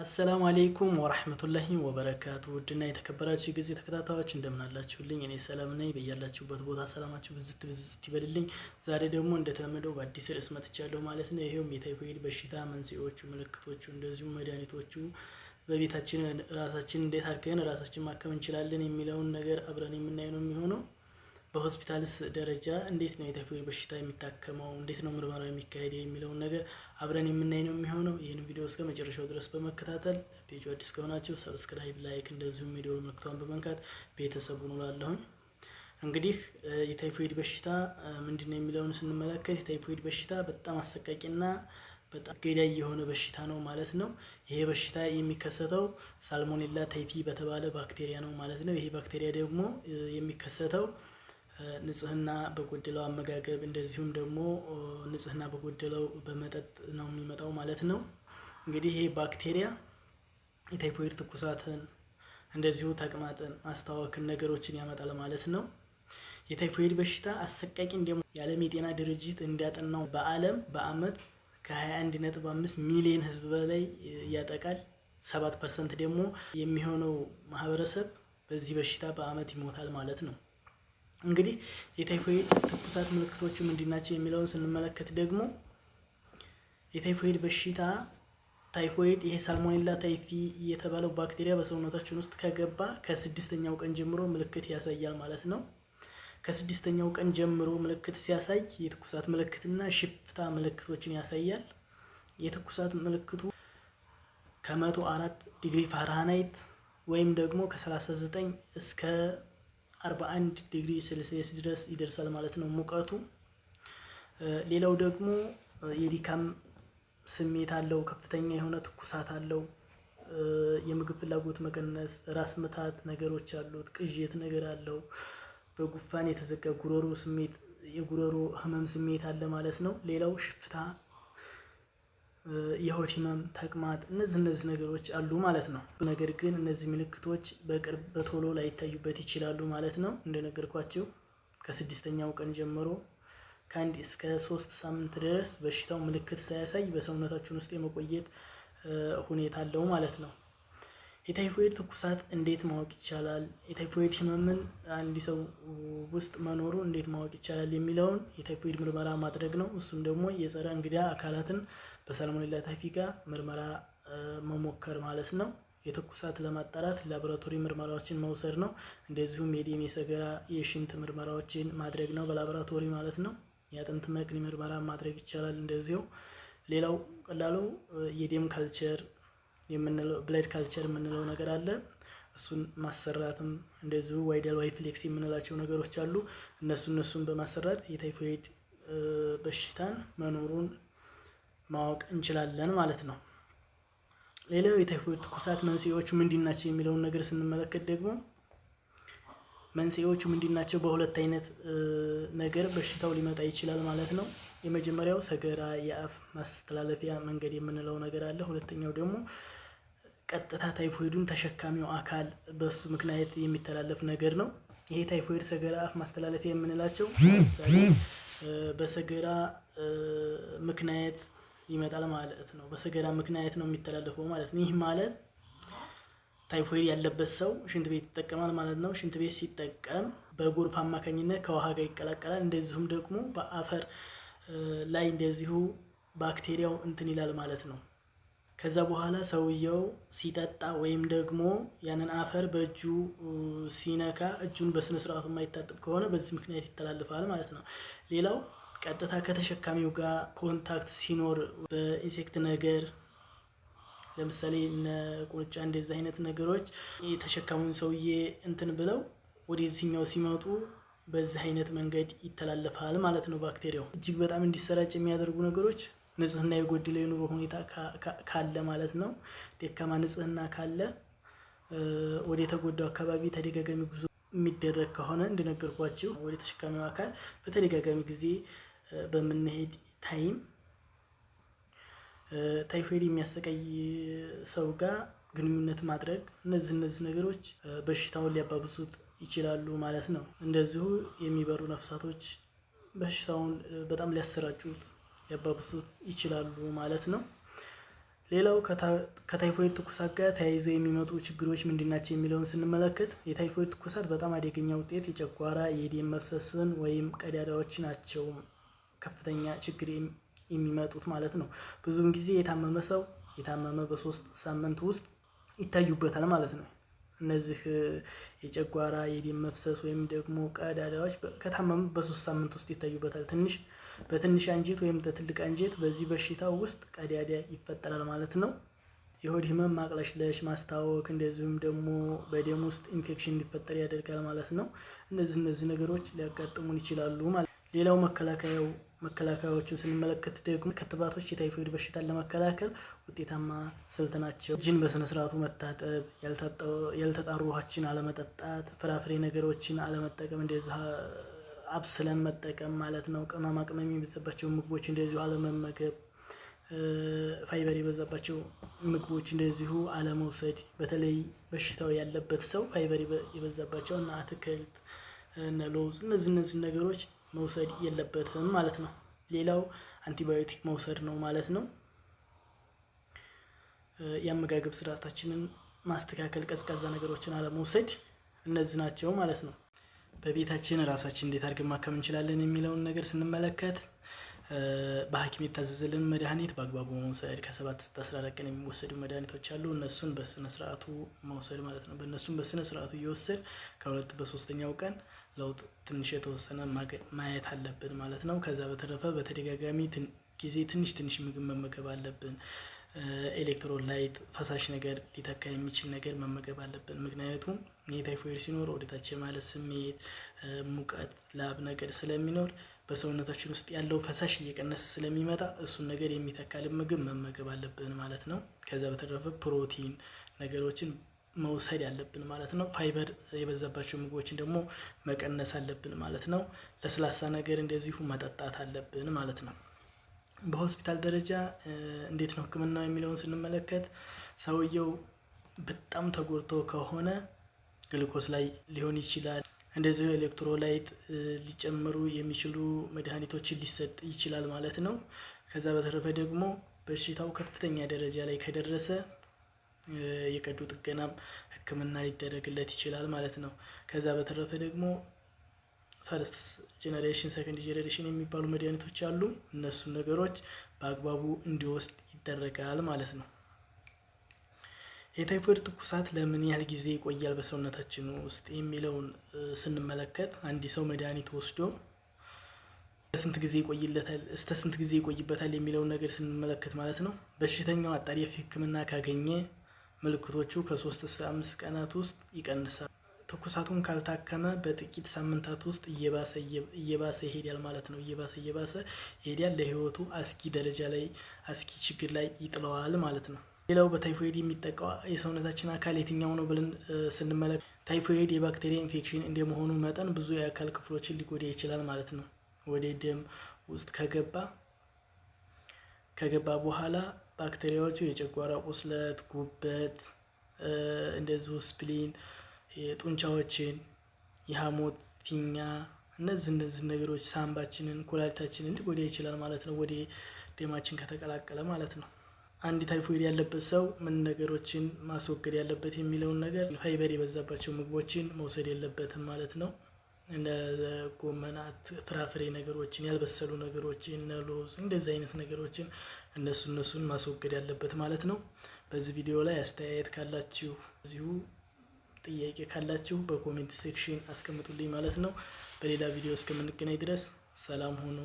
አሰላሙ አሌይኩም ወራህመቱላሂ ወበረካቱ ውድና የተከበራችሁ ጊዜ ተከታታዮች እንደምናላችሁልኝ፣ እኔ ሰላም ነኝ። በያላችሁበት ቦታ ሰላማችሁ ብዝት ብዝት ይበልልኝ። ዛሬ ደግሞ እንደተለመደው በአዲስ ርዕስ መጥቻለሁ ማለት ነው። ይሄውም የታይፎይድ በሽታ መንስኤዎቹ፣ ምልክቶቹ፣ እንደዚሁም መድኃኒቶቹ በቤታችን ራሳችን እንዴት አድርገን ራሳችን ማከም እንችላለን የሚለውን ነገር አብረን የምናየው ነው የሚሆነው በሆስፒታልስ ደረጃ እንዴት ነው የታይፎይድ በሽታ የሚታከመው? እንዴት ነው ምርመራ የሚካሄደው? የሚለውን ነገር አብረን የምናይ ነው የሚሆነው። ይህን ቪዲዮ እስከ መጨረሻው ድረስ በመከታተል ፔጁ አዲስ ከሆናቸው ሰብስክራይብ፣ ላይክ እንደዚሁም ሚዲዮ ምልክቷን በመንካት ቤተሰቡ ኑላለሁኝ። እንግዲህ የታይፎይድ በሽታ ምንድን ነው የሚለውን ስንመለከት የታይፎይድ በሽታ በጣም አሰቃቂና በጣም ገዳይ የሆነ በሽታ ነው ማለት ነው። ይሄ በሽታ የሚከሰተው ሳልሞኔላ ታይፊ በተባለ ባክቴሪያ ነው ማለት ነው። ይሄ ባክቴሪያ ደግሞ የሚከሰተው ንጽህና በጎደለው አመጋገብ እንደዚሁም ደግሞ ንጽህና በጎደለው በመጠጥ ነው የሚመጣው ማለት ነው። እንግዲህ ይሄ ባክቴሪያ የታይፎይድ ትኩሳትን እንደዚሁ ተቅማጥን፣ ማስታወክን ነገሮችን ያመጣል ማለት ነው። የታይፎይድ በሽታ አሰቃቂ እንደሞ የዓለም የጤና ድርጅት እንዲያጠናው በዓለም በአመት ከ21.5 ሚሊዮን ህዝብ በላይ ያጠቃል። 7 ፐርሰንት ደግሞ የሚሆነው ማህበረሰብ በዚህ በሽታ በአመት ይሞታል ማለት ነው። እንግዲህ የታይፎይድ ትኩሳት ምልክቶቹ ምንድን ናቸው የሚለውን ስንመለከት ደግሞ የታይፎይድ በሽታ ታይፎይድ ይሄ ሳልሞኔላ ታይፊ የተባለው ባክቴሪያ በሰውነታችን ውስጥ ከገባ ከስድስተኛው ቀን ጀምሮ ምልክት ያሳያል ማለት ነው። ከስድስተኛው ቀን ጀምሮ ምልክት ሲያሳይ የትኩሳት ምልክትና ሽፍታ ምልክቶችን ያሳያል። የትኩሳት ምልክቱ ከመቶ አራት ዲግሪ ፋርሃናይት ወይም ደግሞ ከ39 እስከ 41 ዲግሪ ሴልሲየስ ድረስ ይደርሳል ማለት ነው ሙቀቱ። ሌላው ደግሞ የድካም ስሜት አለው፣ ከፍተኛ የሆነ ትኩሳት አለው፣ የምግብ ፍላጎት መቀነስ፣ ራስ ምታት ነገሮች አሉት፣ ቅዥት ነገር አለው፣ በጉፋን የተዘጋ ጉሮሮ ስሜት የጉሮሮ ህመም ስሜት አለ ማለት ነው። ሌላው ሽፍታ የሆድ ህመም፣ ተቅማጥ እነዚህ እነዚህ ነገሮች አሉ ማለት ነው። ነገር ግን እነዚህ ምልክቶች በቅርብ በቶሎ ላይታዩበት ይችላሉ ማለት ነው። እንደነገርኳቸው ከስድስተኛው ቀን ጀምሮ ከአንድ እስከ ሶስት ሳምንት ድረስ በሽታው ምልክት ሳያሳይ በሰውነታችን ውስጥ የመቆየት ሁኔታ አለው ማለት ነው። የታይፎይድ ትኩሳት እንዴት ማወቅ ይቻላል? የታይፎይድ ህመምን አንድ ሰው ውስጥ መኖሩ እንዴት ማወቅ ይቻላል? የሚለውን የታይፎይድ ምርመራ ማድረግ ነው። እሱም ደግሞ የጸረ እንግዳ አካላትን በሳልሞኔላ ታይፊጋ ምርመራ መሞከር ማለት ነው። የትኩሳት ለማጣራት ላቦራቶሪ ምርመራዎችን መውሰድ ነው። እንደዚሁም የደም የሰገራ፣ የሽንት ምርመራዎችን ማድረግ ነው በላቦራቶሪ ማለት ነው። የአጥንት መቅኒ ምርመራ ማድረግ ይቻላል እንደዚሁ። ሌላው ቀላሉ የደም ካልቸር የምንለው ብለድ ካልቸር የምንለው ነገር አለ። እሱን ማሰራትም እንደዚሁ ዋይደል ዋይ ፍሌክስ የምንላቸው ነገሮች አሉ። እነሱ እነሱን በማሰራት የታይፎይድ በሽታን መኖሩን ማወቅ እንችላለን ማለት ነው። ሌላው የታይፎይድ ትኩሳት መንስኤዎቹ ምንድን ናቸው የሚለውን ነገር ስንመለከት ደግሞ መንስኤዎቹ ምንድን ናቸው? በሁለት አይነት ነገር በሽታው ሊመጣ ይችላል ማለት ነው። የመጀመሪያው ሰገራ የአፍ ማስተላለፊያ መንገድ የምንለው ነገር አለ። ሁለተኛው ደግሞ ቀጥታ ታይፎይዱን ተሸካሚው አካል በሱ ምክንያት የሚተላለፍ ነገር ነው። ይሄ ታይፎይድ ሰገራ አፍ ማስተላለፊያ የምንላቸው ለምሳሌ በሰገራ ምክንያት ይመጣል ማለት ነው። በሰገራ ምክንያት ነው የሚተላለፈው ማለት ነው። ይህ ማለት ታይፎይድ ያለበት ሰው ሽንት ቤት ይጠቀማል ማለት ነው። ሽንት ቤት ሲጠቀም በጎርፍ አማካኝነት ከውሃ ጋር ይቀላቀላል። እንደዚሁም ደግሞ በአፈር ላይ እንደዚሁ ባክቴሪያው እንትን ይላል ማለት ነው። ከዛ በኋላ ሰውየው ሲጠጣ ወይም ደግሞ ያንን አፈር በእጁ ሲነካ እጁን በስነ ስርዓቱ የማይታጠብ ከሆነ በዚህ ምክንያት ይተላልፋል ማለት ነው። ሌላው ቀጥታ ከተሸካሚው ጋር ኮንታክት ሲኖር በኢንሴክት ነገር ለምሳሌ እነ ቁንጫ እንደዚህ አይነት ነገሮች የተሸካሚውን ሰውዬ እንትን ብለው ወደዚህኛው ሲመጡ በዚህ አይነት መንገድ ይተላለፋል ማለት ነው። ባክቴሪያው እጅግ በጣም እንዲሰራጭ የሚያደርጉ ነገሮች ንጽህና የጎደለው የኑሮ ሁኔታ ካለ ማለት ነው። ደካማ ንጽህና ካለ ወደ የተጎዳው አካባቢ ተደጋጋሚ ጉዞ የሚደረግ ከሆነ እንደነገርኳቸው ወደ ተሸካሚው አካል በተደጋጋሚ ጊዜ በምንሄድ ታይም ታይፎይድ የሚያሰቃይ ሰው ጋር ግንኙነት ማድረግ እነዚህ እነዚህ ነገሮች በሽታውን ሊያባብሱት ይችላሉ ማለት ነው። እንደዚሁ የሚበሩ ነፍሳቶች በሽታውን በጣም ሊያሰራጩት ሊያባብሱት ይችላሉ ማለት ነው። ሌላው ከታይፎይድ ትኩሳት ጋር ተያይዘው የሚመጡ ችግሮች ምንድናቸው የሚለውን ስንመለከት የታይፎይድ ትኩሳት በጣም አደገኛ ውጤት የጨጓራ የደም መፍሰስን ወይም ቀዳዳዎች ናቸው ከፍተኛ ችግር የሚመጡት ማለት ነው። ብዙውን ጊዜ የታመመ ሰው የታመመ በሶስት ሳምንት ውስጥ ይታዩበታል ማለት ነው። እነዚህ የጨጓራ የደም መፍሰስ ወይም ደግሞ ቀዳዳዎች ከታመሙት በሶስት ሳምንት ውስጥ ይታዩበታል። ትንሽ በትንሽ አንጀት ወይም በትልቅ አንጀት በዚህ በሽታው ውስጥ ቀዳዳ ይፈጠራል ማለት ነው። የሆድ ህመም፣ ማቅለሽለሽ፣ ማስታወክ እንደዚሁም ደግሞ በደም ውስጥ ኢንፌክሽን እንዲፈጠር ያደርጋል ማለት ነው። እነዚህ እነዚህ ነገሮች ሊያጋጥሙን ይችላሉ ማለት ሌላው መከላከያው መከላከያዎችን ስንመለከት ደግሞ ክትባቶች የታይፎይድ በሽታን ለመከላከል ውጤታማ ስልት ናቸው። እጅን በስነስርዓቱ መታጠብ፣ ያልተጣሩ ውሃችን አለመጠጣት፣ ፍራፍሬ ነገሮችን አለመጠቀም፣ እንደዚህ አብስለን መጠቀም ማለት ነው። ቅመማ ቅመም የሚበዛባቸው ምግቦች እንደዚሁ አለመመገብ፣ ፋይበር የበዛባቸው ምግቦች እንደዚሁ አለመውሰድ። በተለይ በሽታው ያለበት ሰው ፋይበር የበዛባቸው እና አትክልት፣ እነ እነዚህ እነዚህ ነገሮች መውሰድ የለበትም ማለት ነው። ሌላው አንቲባዮቲክ መውሰድ ነው ማለት ነው። የአመጋገብ ስርዓታችንን ማስተካከል፣ ቀዝቃዛ ነገሮችን አለመውሰድ፣ እነዚህ ናቸው ማለት ነው። በቤታችን ራሳችን እንዴት አድርገን ማከም እንችላለን የሚለውን ነገር ስንመለከት በሐኪም የታዘዘልን መድኃኒት በአግባቡ መውሰድ፣ ከሰባት እስከ አስራ አራት ቀን የሚወሰዱ መድኃኒቶች አሉ። እነሱን በስነ ስርዓቱ መውሰድ ማለት ነው። በእነሱን በስነ ስርዓቱ እየወሰድ ከሁለት በሶስተኛው ቀን ለውጥ ትንሽ የተወሰነ ማየት አለብን ማለት ነው። ከዛ በተረፈ በተደጋጋሚ ጊዜ ትንሽ ትንሽ ምግብ መመገብ አለብን። ኤሌክትሮላይት ፈሳሽ ነገር ሊተካ የሚችል ነገር መመገብ አለብን። ምክንያቱም ታይፎይድ ሲኖር ወደታች የማለት ስሜት፣ ሙቀት፣ ላብ ነገር ስለሚኖር በሰውነታችን ውስጥ ያለው ፈሳሽ እየቀነሰ ስለሚመጣ እሱን ነገር የሚተካልን ምግብ መመገብ አለብን ማለት ነው። ከዛ በተረፈ ፕሮቲን ነገሮችን መውሰድ ያለብን ማለት ነው። ፋይበር የበዛባቸው ምግቦችን ደግሞ መቀነስ አለብን ማለት ነው። ለስላሳ ነገር እንደዚሁ መጠጣት አለብን ማለት ነው። በሆስፒታል ደረጃ እንዴት ነው ህክምናው የሚለውን ስንመለከት ሰውየው በጣም ተጎድቶ ከሆነ ግልኮስ ላይ ሊሆን ይችላል። እንደዚሁ ኤሌክትሮላይት ሊጨምሩ የሚችሉ መድኃኒቶችን ሊሰጥ ይችላል ማለት ነው። ከዛ በተረፈ ደግሞ በሽታው ከፍተኛ ደረጃ ላይ ከደረሰ የቀዶ ጥገናም ህክምና ሊደረግለት ይችላል ማለት ነው። ከዛ በተረፈ ደግሞ ፈርስት ጄኔሬሽን ሰከንድ ጄኔሬሽን የሚባሉ መድኃኒቶች አሉ። እነሱን ነገሮች በአግባቡ እንዲወስድ ይደረጋል ማለት ነው። የታይፎይድ ትኩሳት ለምን ያህል ጊዜ ይቆያል በሰውነታችን ውስጥ የሚለውን ስንመለከት አንድ ሰው መድኃኒት ወስዶ ስንት ጊዜ ይቆይለታል እስከ ስንት ጊዜ ይቆይበታል የሚለውን ነገር ስንመለከት ማለት ነው በሽተኛው አጣዳፊ ሕክምና ካገኘ ምልክቶቹ ከሶስት እስከ አምስት ቀናት ውስጥ ይቀንሳል። ትኩሳቱን ካልታከመ በጥቂት ሳምንታት ውስጥ እየባሰ ይሄዳል ማለት ነው። እየባሰ እየባሰ ይሄዳል። ለህይወቱ አስጊ ደረጃ ላይ አስጊ ችግር ላይ ይጥለዋል ማለት ነው። ሌላው በታይፎይድ የሚጠቃው የሰውነታችን አካል የትኛው ነው ብለን ስንመለከት ታይፎይድ የባክቴሪያ ኢንፌክሽን እንደመሆኑ መጠን ብዙ የአካል ክፍሎችን ሊጎዳ ይችላል ማለት ነው። ወደ ደም ውስጥ ከገባ ከገባ በኋላ ባክቴሪያዎቹ የጨጓራ ቁስለት፣ ጉበት፣ እንደዚሁ ስፕሊን የጡንቻዎችን፣ የሐሞት ፊኛ እነዚህ እነዚህ ነገሮች ሳምባችንን፣ ኩላሊታችንን ሊጎዳ ይችላል ማለት ነው። ወደ ደማችን ከተቀላቀለ ማለት ነው። አንድ ታይፎይድ ያለበት ሰው ምን ነገሮችን ማስወገድ ያለበት የሚለውን ነገር ፋይበር የበዛባቸው ምግቦችን መውሰድ የለበትም ማለት ነው። እንደ ጎመናት፣ ፍራፍሬ ነገሮችን፣ ያልበሰሉ ነገሮችን፣ ነሎዝ እንደዚህ አይነት ነገሮችን እነሱ እነሱን ማስወገድ ያለበት ማለት ነው። በዚህ ቪዲዮ ላይ አስተያየት ካላችሁ እዚሁ ጥያቄ ካላችሁ በኮሜንት ሴክሽን አስቀምጡልኝ ማለት ነው። በሌላ ቪዲዮ እስከምንገናኝ ድረስ ሰላም ሁኑ።